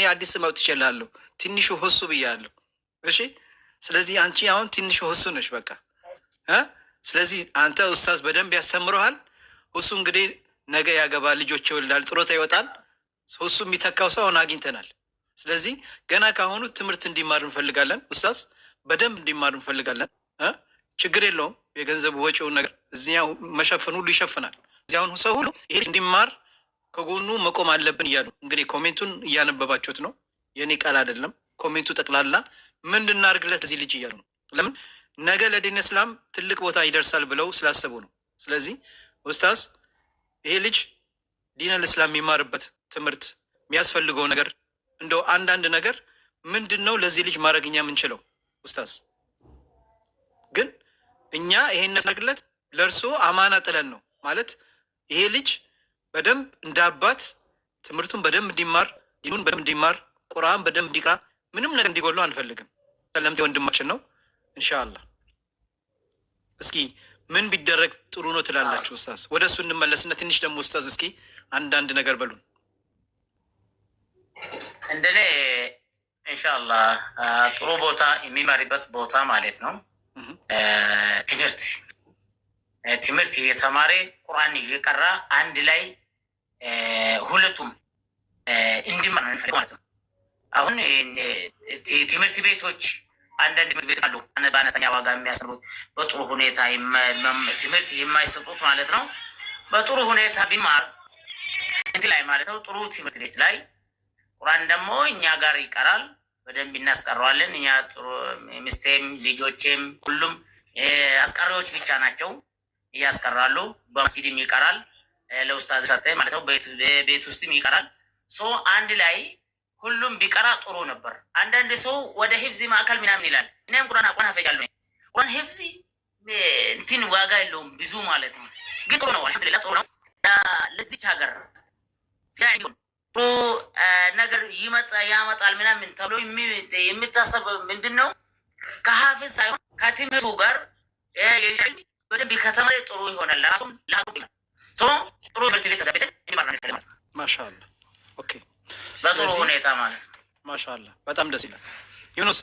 እኔ አዲስ መውት ይችላለሁ። ትንሹ ሁሱ ብያለሁ። እሺ፣ ስለዚህ አንቺ አሁን ትንሹ ሁሱ ነሽ። በቃ ስለዚህ አንተ ኡስታዝ በደንብ ያስተምረሃል። ሁሱ እንግዲህ ነገ ያገባ ልጆች ይወልዳል፣ ጥሮታ ይወጣል። ሁሱ የሚተካው ሰው አሁን አግኝተናል። ስለዚህ ገና ካሁኑ ትምህርት እንዲማር እንፈልጋለን። ኡስታዝ በደንብ እንዲማር እንፈልጋለን። ችግር የለውም የገንዘብ ወጪውን ነገር እዚያው መሸፈን ሁሉ ይሸፍናል። ሰው ሁሉ ይሄ እንዲማር ከጎኑ መቆም አለብን እያሉ እንግዲህ ኮሜንቱን እያነበባችሁት ነው። የእኔ ቃል አይደለም። ኮሜንቱ ጠቅላላ ምን እናድርግለት እዚህ ልጅ እያሉ ነው። ለምን ነገ ለዲን እስላም ትልቅ ቦታ ይደርሳል ብለው ስላሰቡ ነው። ስለዚህ ኡስታዝ ይሄ ልጅ ዲን እስላም የሚማርበት ትምህርት የሚያስፈልገው ነገር እንደው አንዳንድ ነገር ምንድን ነው ለዚህ ልጅ ማድረግኛ የምንችለው? ኡስታዝ ግን እኛ ይሄን ነግለት ለእርሶ አማና ጥለን ነው ማለት ይሄ ልጅ በደንብ እንደ አባት ትምህርቱን በደንብ እንዲማር ዲኑን በደንብ እንዲማር ቁርአን በደንብ እንዲቀራ ምንም ነገር እንዲጎለው አንፈልግም። ሰለምቴ ወንድማችን ነው። እንሻአላ እስኪ ምን ቢደረግ ጥሩ ነው ትላላችሁ? ኡስታዝ ወደ እሱ እንመለስና ትንሽ ደግሞ ኡስታዝ እስኪ አንዳንድ ነገር በሉን። እንደኔ እንሻላ ጥሩ ቦታ የሚመሪበት ቦታ ማለት ነው ትምህርት ትምህርት እየተማረ ቁርአን እየቀራ አንድ ላይ ሁለቱም እንዲማር እንፈልግ ማለት ነው። አሁን ትምህርት ቤቶች አንዳንድ ትምህርት ቤት አሉ በአነስተኛ ዋጋ የሚያስሩት በጥሩ ሁኔታ ትምህርት የማይሰጡት ማለት ነው። በጥሩ ሁኔታ ቢማር እንት ላይ ማለት ነው ጥሩ ትምህርት ቤት ላይ ቁራን ደግሞ እኛ ጋር ይቀራል፣ በደንብ እናስቀረዋለን። እኛ ጥሩ ሚስቴም ልጆቼም ሁሉም አስቀሪዎች ብቻ ናቸው፣ እያስቀራሉ። በመስጂድም ይቀራል። ለውስታዝ ሰጠ ማለት ነው። ቤት ውስጥም ይቀራል። ሶ አንድ ላይ ሁሉም ቢቀራ ጥሩ ነበር። አንዳንድ ሰው ወደ ህፍዚ ማዕከል ምናምን ይላል። እኔም ቁራን አቋን አፈጃለሁ። ቁራን ህፍዚ እንትን ዋጋ የለውም ብዙ ማለት ነው። ግን ጥሩ ነው፣ አልሐምዱሊላ ጥሩ ነው። ለዚች ሀገር ጥሩ ነገር ይመጣ ያመጣል ምናምን ተብሎ የሚታሰብ ምንድን ነው ከሀፍዝ ሳይሆን ከትምህርቱ ጋር በደንብ ከተማሪ ጥሩ ይሆናል። ራሱም ላ ጥሩ ትምህርት ቤት እዛ ቤትም ማለት ነው። ማሻአላ ኦኬ፣ በጥሩ ሁኔታ ማለት ነው። ማሻአላ በጣም ደስ ይላል። ዩኑስ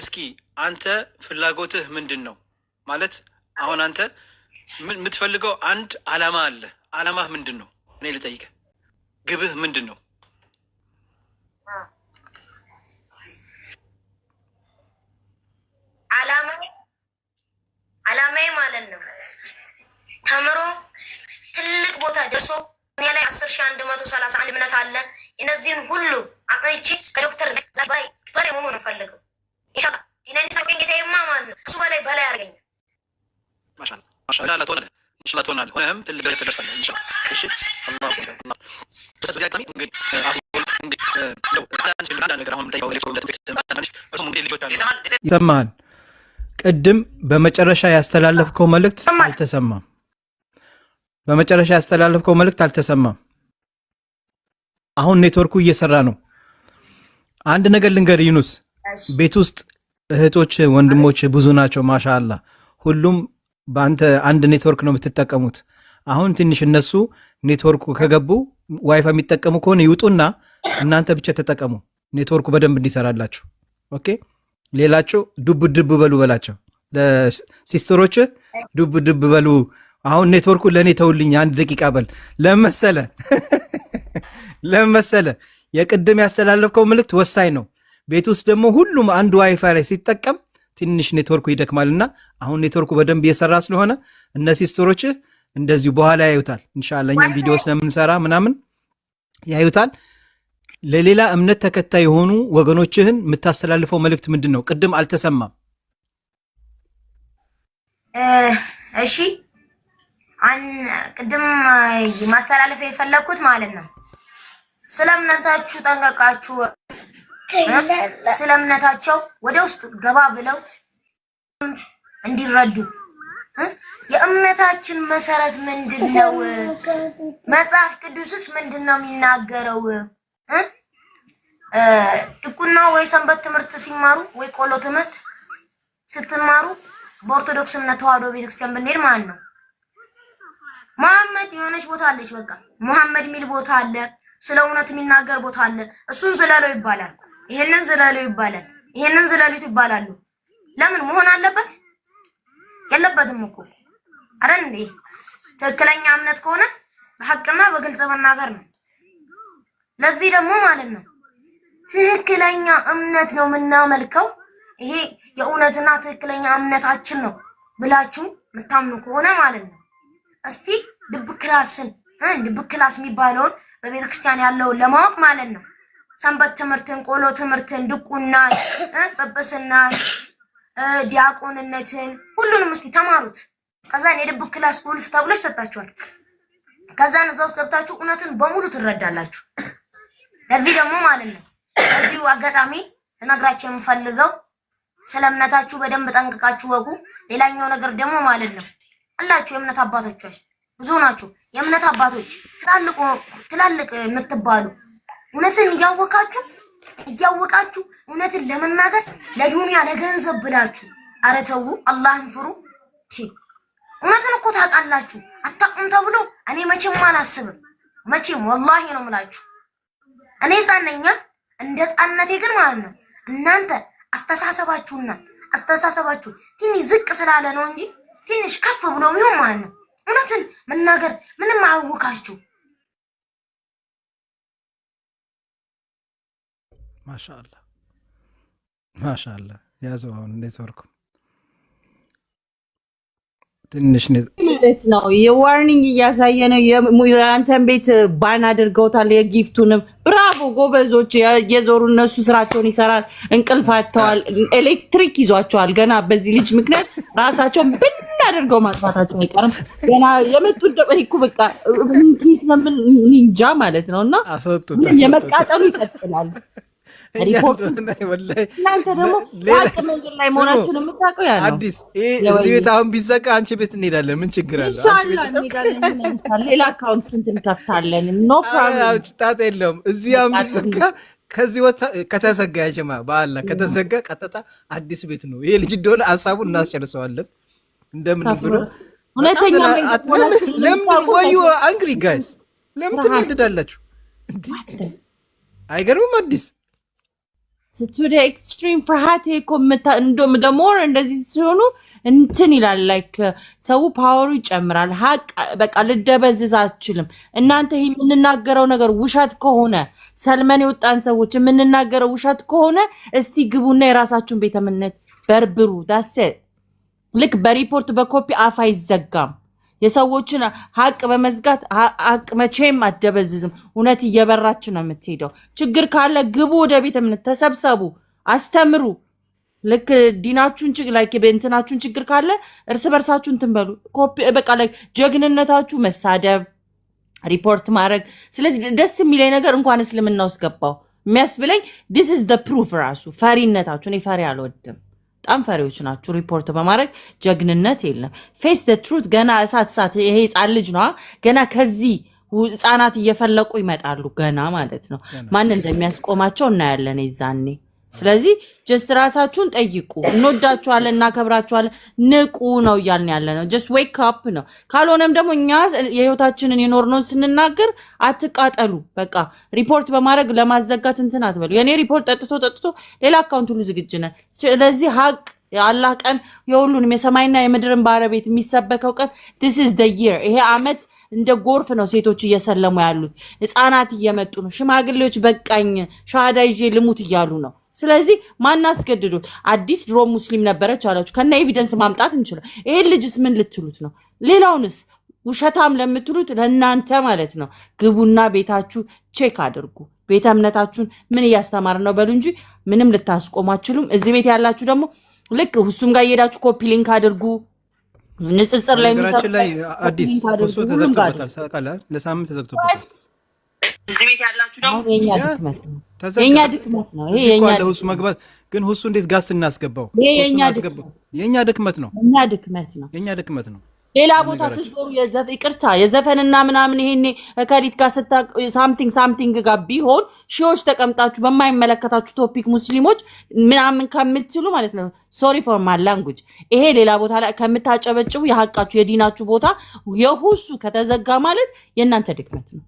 እስኪ አንተ ፍላጎትህ ምንድን ነው? ማለት አሁን አንተ የምትፈልገው አንድ አላማ አለ። አላማህ ምንድን ነው? እኔ ልጠይቅህ፣ ግብህ ምንድን ነው? አላማዬ ማለት ነው ተምሮ ትልቅ ቦታ ደርሶ እኔ ላይ አስር ሺ አንድ መቶ ሰላሳ አንድ እምነት አለ። እነዚህን ሁሉ አቅንቼ ከዶክተር ዛባይ በላይ መሆን ፈልገው ኢንሻላህ ይህንን ጌታ የማማን ነው እሱ በላይ በላይ ያደርገኛል። ሆነህም ትልቅ ደረጃ እሺ ይሰማል። ቅድም በመጨረሻ ያስተላለፍከው መልእክት አልተሰማም። በመጨረሻ ያስተላለፍከው መልእክት አልተሰማም። አሁን ኔትወርኩ እየሰራ ነው። አንድ ነገር ልንገር ዩኑስ፣ ቤት ውስጥ እህቶች ወንድሞች ብዙ ናቸው። ማሻላ ሁሉም በአንተ አንድ ኔትወርክ ነው የምትጠቀሙት። አሁን ትንሽ እነሱ ኔትወርኩ ከገቡ ዋይፋ የሚጠቀሙ ከሆነ ይውጡና እናንተ ብቻ ተጠቀሙ፣ ኔትወርኩ በደንብ እንዲሰራላችሁ። ኦኬ። ሌላቸው ዱብ ድብ በሉ በላቸው፣ ለሲስተሮች ዱብ ድብ በሉ አሁን ኔትወርኩ ለእኔ ተውልኝ አንድ ደቂቃ በል። ለመሰለ ለመሰለ የቅድም ያስተላለፍከው ምልክት ወሳኝ ነው። ቤት ውስጥ ደግሞ ሁሉም አንድ ዋይፋይ ላይ ሲጠቀም ትንሽ ኔትወርኩ ይደክማልና አሁን ኔትወርኩ በደንብ እየሰራ ስለሆነ እነዚህ ስቶሮች እንደዚሁ በኋላ ያዩታል። እንሻላ እኛም ቪዲዮ ስለምንሰራ ምናምን ያዩታል። ለሌላ እምነት ተከታይ የሆኑ ወገኖችህን የምታስተላልፈው መልእክት ምንድን ነው? ቅድም አልተሰማም። እሺ ቅድም ማስተላለፍ የፈለግኩት ማለት ነው። ስለ እምነታችሁ ጠንቀቃችሁ ስለ እምነታቸው ወደ ውስጥ ገባ ብለው እንዲረዱ የእምነታችን መሰረት ምንድን ነው? መጽሐፍ ቅዱስስ ምንድን ነው የሚናገረው? ድቁና ወይ ሰንበት ትምህርት ሲማሩ ወይ ቆሎ ትምህርት ስትማሩ በኦርቶዶክስ እምነት ተዋህዶ ቤተክርስቲያን ብንሄድ ማለት ነው መሐመድ የሆነች ቦታ አለች። በቃ መሐመድ ሚል ቦታ አለ። ስለ እውነት የሚናገር ቦታ አለ። እሱን ዝለለው ይባላል። ይሄንን ዝለለው ይባላል። ይሄንን ዝለሉት ይባላሉ። ለምን መሆን አለበት? የለበትም እኮ አረ እንዴ! ትክክለኛ እምነት ከሆነ በሐቅና በግልጽ መናገር ነው። ለዚህ ደግሞ ማለት ነው ትክክለኛ እምነት ነው የምናመልከው። ይሄ የእውነትና ትክክለኛ እምነታችን ነው ብላችሁ የምታምኑ ከሆነ ማለት ነው እስቲ ድብ ክላስን ድብ ክላስ የሚባለውን በቤተ ክርስቲያን ያለውን ለማወቅ ማለት ነው። ሰንበት ትምህርትን፣ ቆሎ ትምህርትን፣ ድቁናን፣ ጵጵስናን፣ ዲያቆንነትን ሁሉንም እስቲ ተማሩት። ከዛን የድብ ክላስ ቁልፍ ተብሎ ይሰጣችኋል። ከዛን እዛ ውስጥ ገብታችሁ እውነትን በሙሉ ትረዳላችሁ። ለዚህ ደግሞ ማለት ነው እዚሁ አጋጣሚ ልነግራችሁ የምፈልገው ስለ እምነታችሁ በደንብ ጠንቅቃችሁ ወጉ ሌላኛው ነገር ደግሞ ማለት ነው አላችሁ የእምነት አባቶች ብዙ ናችሁ። የእምነት አባቶች ትላልቅ ትላልቅ የምትባሉ እውነትን እያወቃችሁ እያወቃችሁ እውነትን ለመናገር ለዱንያ ለገንዘብ ብላችሁ አረተው አላህን ፍሩ። እውነትን እኮ ታውቃላችሁ። አታውቁም ተብሎ እኔ መቼም አላስብም። መቼም ወላሂ ነው ምላችሁ እኔ ጻነኛ እንደ ጻነቴ ግን ማለት ነው እናንተ አስተሳሰባችሁና አስተሳሰባችሁ ትንሽ ዝቅ ስላለ ነው እንጂ ትንሽ ከፍ ብሎ ቢሆን ማለት ነው። እውነትን መናገር ምንም አያወካችሁ። ማሻአላ ማሻአላ። ያዘው አሁን ኔትወርኩ ትንሽ ማለት ነው። የዋርኒንግ እያሳየ ነው። የአንተን ቤት ባን አድርገውታል። የጊፍቱንም ብራቮ ጎበዞች። የዞሩ እነሱ ስራቸውን ይሰራል። እንቅልፍ አጥተዋል። ኤሌክትሪክ ይዟቸዋል። ገና በዚህ ልጅ ምክንያት ራሳቸውን ብን አድርገው ማጥፋታቸው አይቀርም። ገና የመጡት ደበሪኩ በቃ ምን እንጃ ማለት ነው። እና የመቃጠሉ ይቀጥላል። እናንተ ደግሞ ሀቅ መንገድ ላይ መሆናችን የምታውቀው ያለው አዲስ እዚህ ቤት አሁን ቢዘጋ አንቺ ቤት እንሄዳለን። ምን ችግር አለ? ሌላ አካውንት ስንት እንከፍታለን? ኖ ፕሮብለም የለውም። እዚህ አሁን ቢዘጋ ከዚህ ወታ ከተዘጋ ያጀማ በአላ ከተዘጋ ቀጥታ አዲስ ቤት ነው። ይሄ ልጅ እንደሆነ ሀሳቡን እናስጨርሰዋለን። እንደምን ብሎ ሁለተኛ ለምን ወዩ አንግሪ ጋይስ ለምን ትናደዳላችሁ? አይገርምም? አዲስ ኤክስትሪም ፍርሃት ደሞር እንደዚህ ሲሆኑ እንትን ይላል። ላይክ ሰው ፓወሩ ይጨምራል። ሀቅ በቃ ልደበዝዝ አልችልም። እናንተ የምንናገረው ነገር ውሸት ከሆነ ሰልመን የወጣን ሰዎች የምንናገረው ውሸት ከሆነ እስቲ ግቡና የራሳችሁን ቤተ እምነት በርብሩ ዳሴ ልክ በሪፖርት በኮፒ አፍ አይዘጋም። የሰዎችን ሀቅ በመዝጋት ሀቅ መቼም አደበዝዝም። እውነት እየበራች ነው የምትሄደው። ችግር ካለ ግቡ፣ ወደ ቤት እምነት ተሰብሰቡ፣ አስተምሩ። ልክ ዲናችሁን ላይ እንትናችሁን ችግር ካለ እርስ በርሳችሁ እንትን በሉ። በቃ ላይ ጀግንነታችሁ መሳደብ፣ ሪፖርት ማድረግ። ስለዚህ ደስ የሚለኝ ነገር እንኳን እስልምና ውስጥ ገባው የሚያስብለኝ ዲስ ኢዝ ፕሩፍ ራሱ ፈሪነታችሁ። እኔ ፈሪ አልወድም። በጣም ፈሪዎች ናችሁ። ሪፖርት በማድረግ ጀግንነት የለም። ፌስ ደ ትሩት ገና እሳት እሳት ይሄ ህፃን ልጅ ነዋ። ገና ከዚህ ህፃናት እየፈለቁ ይመጣሉ። ገና ማለት ነው ማን እንደሚያስቆማቸው እናያለን የዛኔ ስለዚህ ጀስት ራሳችሁን ጠይቁ። እንወዳችኋለን፣ እናከብራችኋለን፣ ንቁ ነው እያልን ያለ ነው። ጀስት ዌክ አፕ ነው። ካልሆነም ደግሞ እኛ የህይወታችንን የኖርነውን ስንናገር አትቃጠሉ። በቃ ሪፖርት በማድረግ ለማዘጋት እንትን አትበሉ። የእኔ ሪፖርት ጠጥቶ ጠጥቶ ሌላ አካውንት ሁሉ ዝግጅ ነን። ስለዚህ ሀቅ የአላህ ቀን የሁሉንም የሰማይና የምድርን ባለቤት የሚሰበከው ቀን ዲስ ኢዝ ደ ይር ይሄ አመት እንደ ጎርፍ ነው። ሴቶች እየሰለሙ ያሉት ህፃናት እየመጡ ነው። ሽማግሌዎች በቃኝ ሻሃዳ ይዤ ልሙት እያሉ ነው። ስለዚህ ማን አስገድዶት? አዲስ ድሮ ሙስሊም ነበረች አላችሁ። ከና ኤቪደንስ ማምጣት እንችላል። ይሄን ልጅስ ምን ልትሉት ነው? ሌላውንስ ውሸታም ለምትሉት ለእናንተ ማለት ነው። ግቡና ቤታችሁ ቼክ አድርጉ። ቤተ እምነታችሁን ምን እያስተማር ነው በሉ እንጂ ምንም ልታስቆሙ አችሉም እዚህ ቤት ያላችሁ ደግሞ ልክ ሁሱም ጋር እየሄዳችሁ ኮፒ ሊንክ አድርጉ። ንጽጽር ላይ ላይ አዲስ እሱ ተዘግቶበታል፣ ለሳምንት ተዘግቶበታል። እዚህ ቤት ያላችሁ ደግሞ የኛ ድክመት ነው ይሄ። የኛ ድክመት መግባት ግን ሁሱ እንዴት ጋስ እናስገባው? የኛ ድክመት ነው። የኛ ድክመት ነው። የኛ ድክመት ነው። ሌላ ቦታ ስትዞሩ የዘፈ ይቅርታ የዘፈንና ምናምን ይሄኔ ከሊት ጋር ስታ ሳምቲንግ ሳምቲንግ ጋር ቢሆን ሺዎች ተቀምጣችሁ በማይመለከታችሁ ቶፒክ ሙስሊሞች ምናምን ከምትሉ ማለት ነው። ሶሪ ፎር ማ ላንጉጅ ይሄ ሌላ ቦታ ላይ ከምታጨበጭቡ የሀቃችሁ የዲናችሁ ቦታ የሁሱ ከተዘጋ ማለት የእናንተ ድክመት ነው፣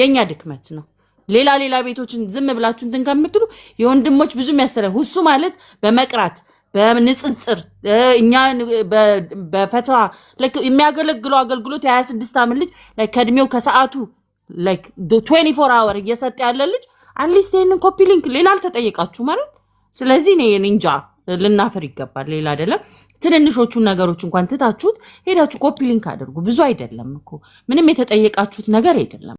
የእኛ ድክመት ነው። ሌላ ሌላ ቤቶችን ዝም ብላችሁ እንትን ከምትሉ የወንድሞች ብዙ የሚያስተረ ሁሱ ማለት በመቅራት በንጽጽር እኛ በፈትዋ የሚያገለግሉ አገልግሎት የ26 ዓመት ልጅ ከእድሜው ከሰዓቱ ትዌንቲ አወር እየሰጠ ያለ ልጅ አትሊስት ይህንን ኮፒ ሊንክ ሌላ አልተጠየቃችሁ ማለት ስለዚህ እኔ እንጃ ልናፈር ይገባል። ሌላ አይደለም። ትንንሾቹን ነገሮች እንኳን ትታችሁት ሄዳችሁ ኮፒ ሊንክ አድርጉ። ብዙ አይደለም እኮ ምንም የተጠየቃችሁት ነገር አይደለም።